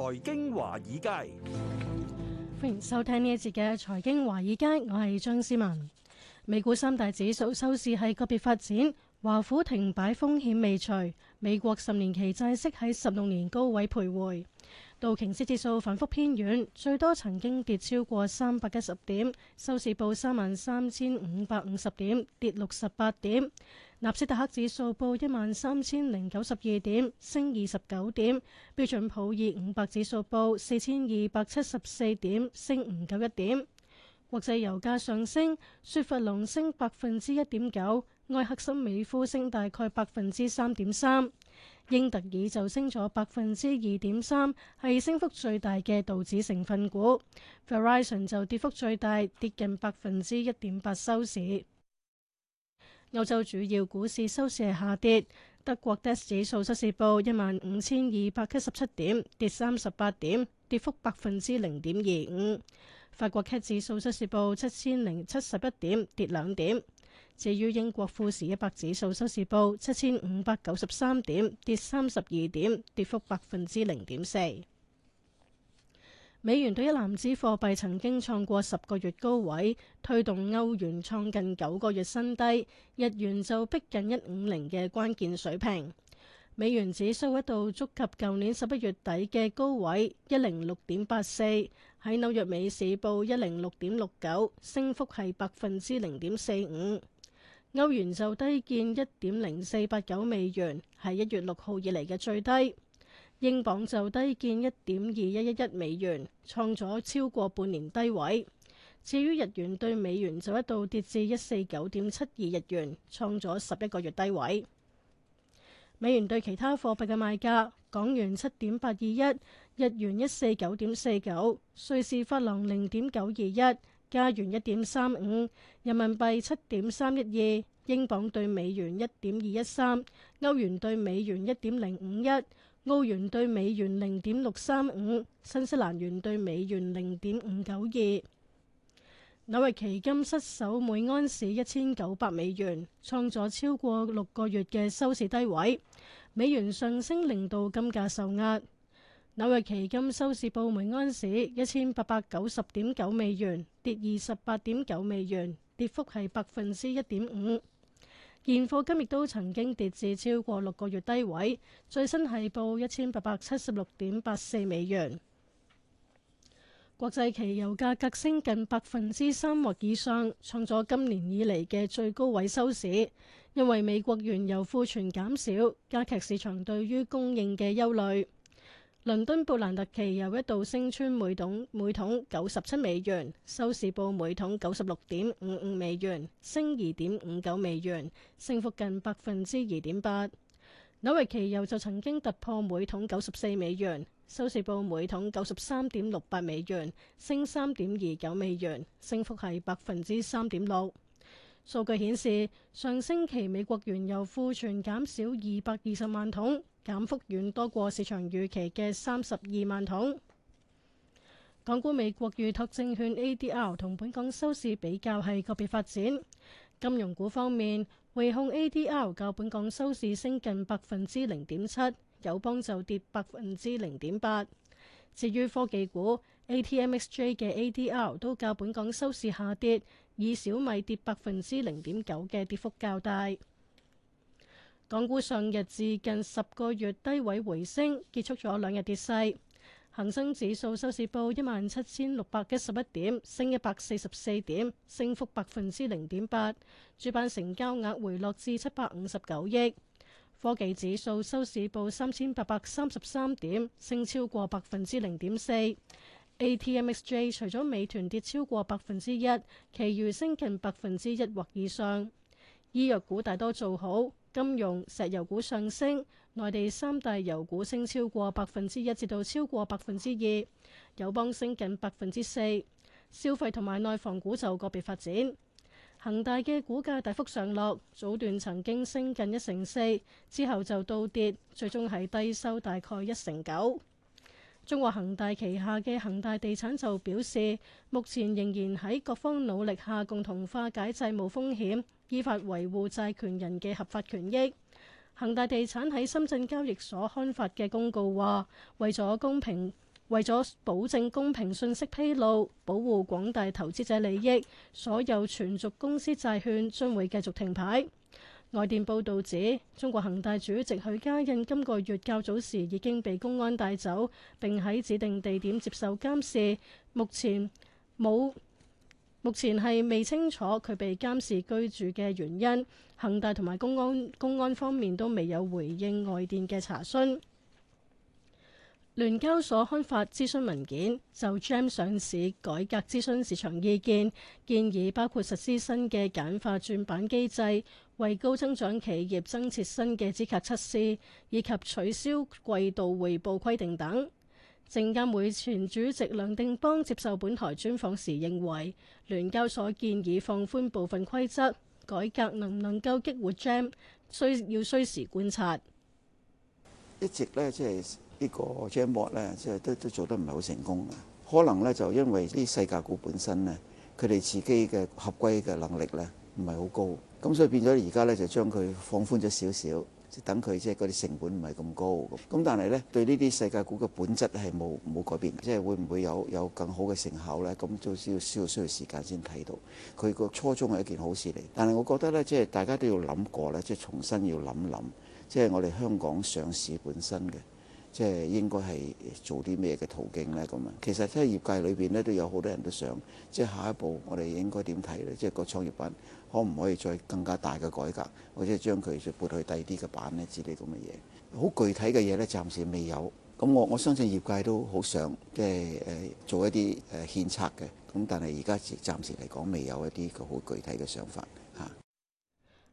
財經華爾街，歡迎收聽呢一節嘅財經華爾街。我係張思文。美股三大指數收市係個別發展，華府停擺風險未除。美國十年期債息喺十六年高位徘徊。道瓊斯指數反覆偏軟，最多曾經跌超過三百一十點，收市報三萬三千五百五十點，跌六十八點。納斯達克指數報一萬三千零九十二點，升二十九點。標準普爾五百指數報四千二百七十四點，升五九一點。國際油價上升，雪佛龍升百分之一點九，愛克森美孚升大概百分之三點三。英特爾就升咗百分之二點三，係升幅最大嘅道指成分股。Verizon 就跌幅最大，跌近百分之一點八收市。歐洲主要股市收市下跌，德國 DAX 指數收市報一萬五千二百七十七點，跌三十八點，跌幅百分之零點二五。法國 CAC 指數收市報七千零七十一點，跌兩點。至於英國富時一百指數收市報七千五百九十三點，跌三十二點，跌幅百分之零點四。美元兌一籃子貨幣曾經創過十個月高位，推動歐元創近九個月新低，日元就逼近一五零嘅關鍵水平。美元指數一度觸及舊年十一月底嘅高位一零六點八四，喺紐約美市報一零六點六九，升幅係百分之零點四五。歐元就低見一點零四八九美元，係一月六號以嚟嘅最低。英鎊就低見一點二一一一美元，創咗超過半年低位。至於日元兌美元就一度跌至一四九點七二日元，創咗十一個月低位。美元對其他貨幣嘅賣價：港元七點八二一，日元一四九點四九，瑞士法郎零點九二一，加元一點三五，人民幣七點三一二。英鎊兌美元一點二一三，歐元兌美元一點零五一，澳元兌美元零點六三五，新西蘭元兌美元零點五九二。紐約期金失守每安士一千九百美元，創咗超過六個月嘅收市低位。美元上升令到金價受壓。紐約期金收市報每安士一千八百九十點九美元，跌二十八點九美元，跌幅係百分之一點五。現貨金亦都曾經跌至超過六個月低位，最新係報一千八百七十六點八四美元。國際期油價格升近百分之三或以上，創咗今年以嚟嘅最高位收市，因為美國原油庫存減少，加劇市場對於供應嘅憂慮。倫敦布蘭特期油一度升穿每桶每桶九十七美元，收市報每桶九十六點五五美元，升二點五九美元，升幅近百分之二點八。紐約期油就曾經突破每桶九十四美元，收市報每桶九十三點六八美元，升三點二九美元，升幅係百分之三點六。數據顯示，上星期美國原油庫存減少二百二十萬桶。減幅遠多過市場預期嘅三十二萬桶。港股美國預託證券 ADR 同本港收市比較係個別發展。金融股方面，匯控 ADR 較本港收市升近百分之零點七，友邦就跌百分之零點八。至於科技股，ATMXJ 嘅 ADR 都較本港收市下跌，以小米跌百分之零點九嘅跌幅較大。港股上日至近十個月低位回升，結束咗兩日跌勢。恒生指數收市報一萬七千六百一十一點，升一百四十四點，升幅百分之零點八。主板成交額回落至七百五十九億。科技指數收市報三千八百三十三點，升超過百分之零點四。ATMXJ 除咗美團跌超過百分之一，其餘升近百分之一或以上。醫藥股大多做好。金融、石油股上升，內地三大油股升超過百分之一，至到超過百分之二，友邦升近百分之四。消費同埋內房股就個別發展。恒大嘅股價大幅上落，早段曾經升近一成四，之後就倒跌，最終係低收大概一成九。中國恒大旗下嘅恒大地產就表示，目前仍然喺各方努力下共同化解債務風險。依法維護債權人嘅合法權益。恒大地產喺深圳交易所刊發嘅公告話：為咗公平，為咗保證公平信息披露，保護廣大投資者利益，所有存續公司債券將會繼續停牌。外電報導指，中國恒大主席許家印今個月較早時已經被公安帶走，並喺指定地點接受監視，目前冇。目前係未清楚佢被監視居住嘅原因，恒大同埋公安公安方面都未有回應外電嘅查詢。聯交所刊發諮詢文件就 GEM 上市改革諮詢市場意見，建議包括實施新嘅簡化轉板機制，為高增長企業增設新嘅資格測試，以及取消季度匯報規定等。證監會前主席梁定邦接受本台專訪時認為，聯交所建議放寬部分規則改革，能唔能夠激活 GEM，需要需時觀察。一直咧，即係呢個 GEM board 咧，即係都都做得唔係好成功。可能咧，就因為啲世界股本身咧，佢哋自己嘅合規嘅能力咧，唔係好高。咁所以變咗而家咧，就將佢放寬咗少少。即等佢即嗰啲成本唔係咁高，咁但係咧對呢啲世界股嘅本質係冇冇改變，即係會唔會有有更好嘅成效咧？咁就需要需要需要時間先睇到。佢個初衷係一件好事嚟，但係我覺得咧，即係大家都要諗過咧，即係重新要諗諗，即係我哋香港上市本身嘅。即係應該係做啲咩嘅途徑呢？咁啊？其實喺業界裏邊咧都有好多人都想，即係下一步我哋應該點睇呢？即係個創業板可唔可以再更加大嘅改革，或者將佢撥去第二啲嘅板呢？之類咁嘅嘢？好具體嘅嘢呢，暫時未有。咁我我相信業界都好想即係誒做一啲誒獻策嘅。咁但係而家暫時嚟講，未有一啲個好具體嘅想法。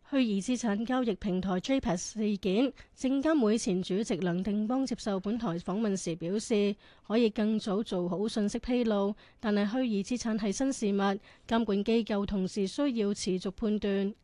虛擬資產交易平台 JPEX 事件，證監會前主席梁定邦接受本台訪問時表示，可以更早做好信息披露，但係虛擬資產係新事物，監管機構同時需要持續判斷。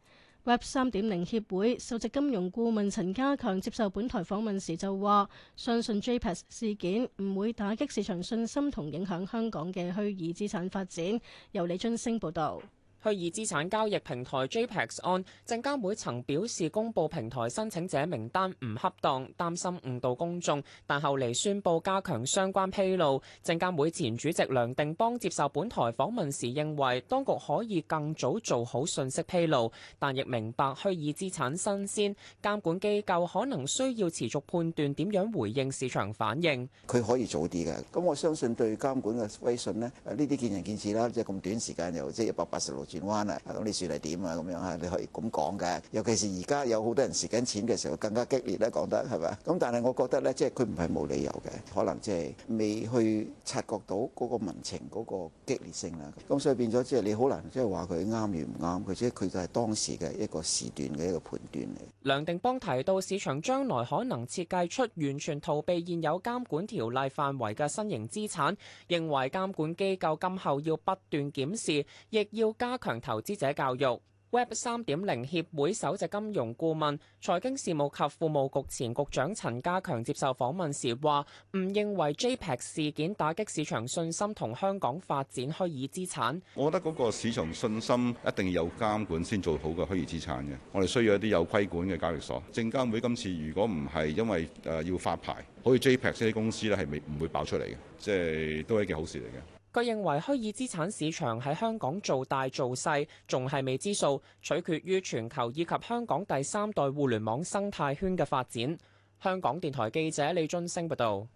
Web 3.0協會首席金融顧問陳家強接受本台訪問時就話，相信 JPEX 事件唔會打擊市場信心同影響香港嘅虛擬資產發展。由李津升報導。虛擬資產交易平台 JPEX 案，證監會曾表示公布平台申請者名單唔恰當，擔心誤導公眾，但後嚟宣布加強相關披露。證監會前主席梁定邦接受本台訪問時認為，當局可以更早做好信息披露，但亦明白虛擬資產新鮮，監管機構可能需要持續判斷點樣回應市場反應。佢可以早啲㗎，咁我相信對監管嘅威信呢，呢啲見仁見智啦，即係咁短時間又即係一百八十六就是轉彎啊！咁你算係點啊？咁樣啊，你可以咁講嘅。尤其是而家有好多人蝕緊錢嘅時候，更加激烈咧，講得係咪？咁但係我覺得咧，即係，佢唔係冇理由嘅，可能即係未去察覺到嗰個民情嗰個激烈性啦。咁所以變咗即係，你好難即係話，佢啱與唔啱，或者佢就係當時嘅一個時段嘅一個判斷嚟。梁定邦提到市場將來可能設計出完全逃避現有監管條例範圍嘅新型資產，認為監管機構今後要不斷檢視，亦要加。強投資者教育。Web 3.0協會首席金融顧問、財經事務及庫務局前局長陳家強接受訪問時話，唔認為 JPEX 事件打擊市場信心同香港發展虛擬資產。我覺得嗰個市場信心一定有監管先做好個虛擬資產嘅。我哋需要一啲有規管嘅交易所。證監會今次如果唔係因為誒要發牌，好似 JPEX 呢啲公司咧係未唔會爆出嚟嘅，即係都係一件好事嚟嘅。佢認為虛擬資產市場喺香港做大做細仲係未知數，取決於全球以及香港第三代互聯網生態圈嘅發展。香港電台記者李晉升報導。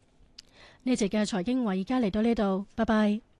呢集嘅財經話，而家嚟到呢度，拜拜。